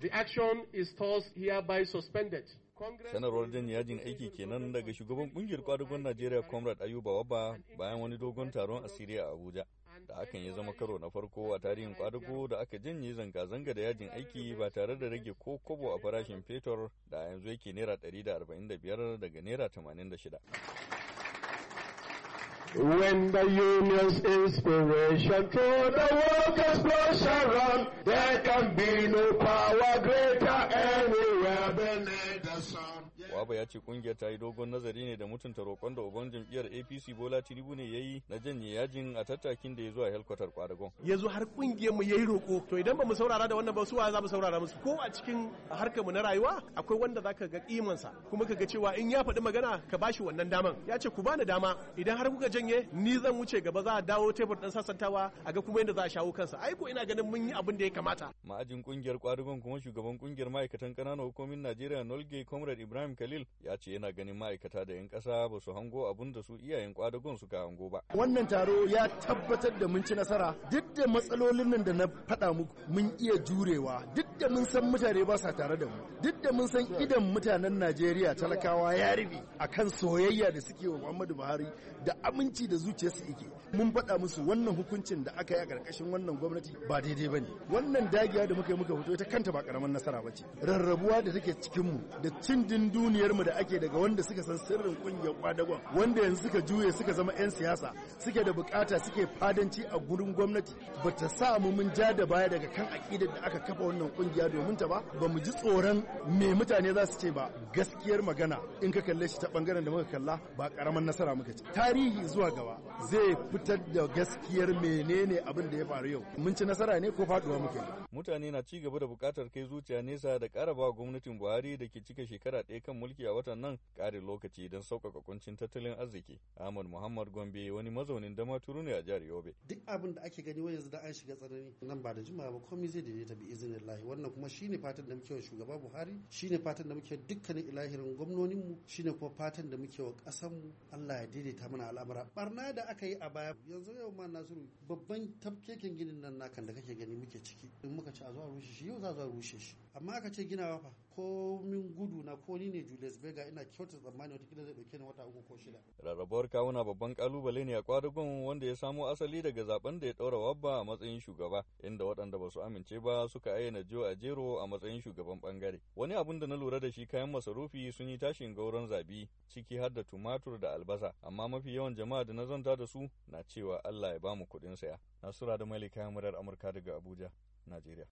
The action is thus hereby suspended. sanarwar jan yajin aiki kenan daga shugaban kungiyar kwadugon najeriya comrade ayuba wabba bayan wani dogon taron asiri a abuja da hakan ya zama karo na farko a tarihin kwadugo da aka janye zanga-zanga da yajin aiki ba tare da rage ko kobo a farashin fetur da yanzu yake naira 145 daga naira 86 When the union's inspiration through the workers' rush around, there can be no power greater. Waba ya ce kungiyar ta yi dogon nazari ne da mutunta roƙon da uban jam'iyyar APC Bola Tinubu ne yayi na janye yajin a tattakin da ya zo a helkwatar Kwadagon. Yanzu har kungiyar mu yayi roƙo to idan ba mu saurara da wannan ba su wa za mu saurara musu ko a cikin harkar mu na rayuwa akwai wanda zaka ga kimansa kuma ka ga cewa in ya faɗi magana ka bashi wannan daman ya ce ku bani dama idan har kuka janye ni zan wuce gaba za a dawo tebur dan sasantawa a ga kuma yadda za a shawo kansa ai ko ina ganin mun yi abin da ya kamata ma'ajin kungiyar kwadugon kuma shugaban kungiyar ma'aikatan kananan hukumomin Najeriya Nolge Comrade Ibrahim Kali Jalil ya ce yana ganin ma'aikata da 'yan ƙasa ba su hango abun da su iyayen kwadagon suka hango ba. Wannan taro ya tabbatar da mun ci nasara duk da matsalolin nan da na faɗa muku mun iya jurewa duk da mun san mutane ba sa tare da mu duk da mun san idan mutanen Najeriya talakawa ya rufe akan soyayya da suke wa Muhammadu Buhari da aminci da zuciyarsu yake mun faɗa musu wannan hukuncin da aka yi a ƙarƙashin wannan gwamnati ba daidai ba ne wannan dagiya da muka yi muka fito ita kanta ba ƙaramin nasara ba ce rarrabuwa da take cikinmu da cin duniya. mu da ake daga wanda suka san sirrin kungiyar kwadagon wanda yanzu suka juye suka zama 'yan siyasa suke da bukata suke fadanci a gurin gwamnati ba ta sa mu mun ja da baya daga kan aƙidar da aka kafa wannan kungiya domin ta ba ba mu ji tsoron me mutane za su ce ba gaskiyar magana in ka kalle shi ta bangaren da muka kalla ba karaman nasara muka ci tarihi zuwa gaba zai fitar da gaskiyar menene abin da ya faru yau mun ci nasara ne ko faduwa muke mutane na ci gaba da bukatar kai zuciya nesa da karaba gwamnatin Buhari da ke cika shekara ɗaya kan mulki mulki a watan nan ƙarin lokaci don sauƙaƙa kuncin tattalin arziki. Ahmad Muhammad Gombe wani mazaunin dama turu ne a jihar Yobe. Duk abin da ake gani wayanzu yanzu da an shiga tsanani nan ba da jimawa ba komai zai daidaita bi izinin lahi wannan kuma shine fatan da muke wa shugaba Buhari shine fatan da muke dukkanin ilahirin mu shine kuma fatan da muke wa mu. Allah ya daidaita mana al'amura. Barna da aka yi a baya yanzu yau ma Nasiru babban tafkeken ginin nan nakan da kake gani muke ciki in muka ci a zuwa rushe shi yau za a zuwa rushe shi amma aka ce ginawa fa komin gudu na ko ni ne Besbega ina kyauta tsammani watakila zai ɗauke ni wata uku ko shida. Rarrabuwar kawuna babban kalubale ne a kwadugun wanda ya samo asali daga zaben da ya daura wabba a matsayin shugaba inda waɗanda ba su amince ba suka ayyana jo a jero a matsayin shugaban bangare. Wani abun da na lura da shi kayan masarufi sun yi tashin gauron zabi ciki har da tumatur da albasa amma mafi yawan jama'a da na zanta da su na cewa Allah ya bamu kuɗin saya. Nasura da Malika Yamurar Amurka daga Abuja, Najeriya.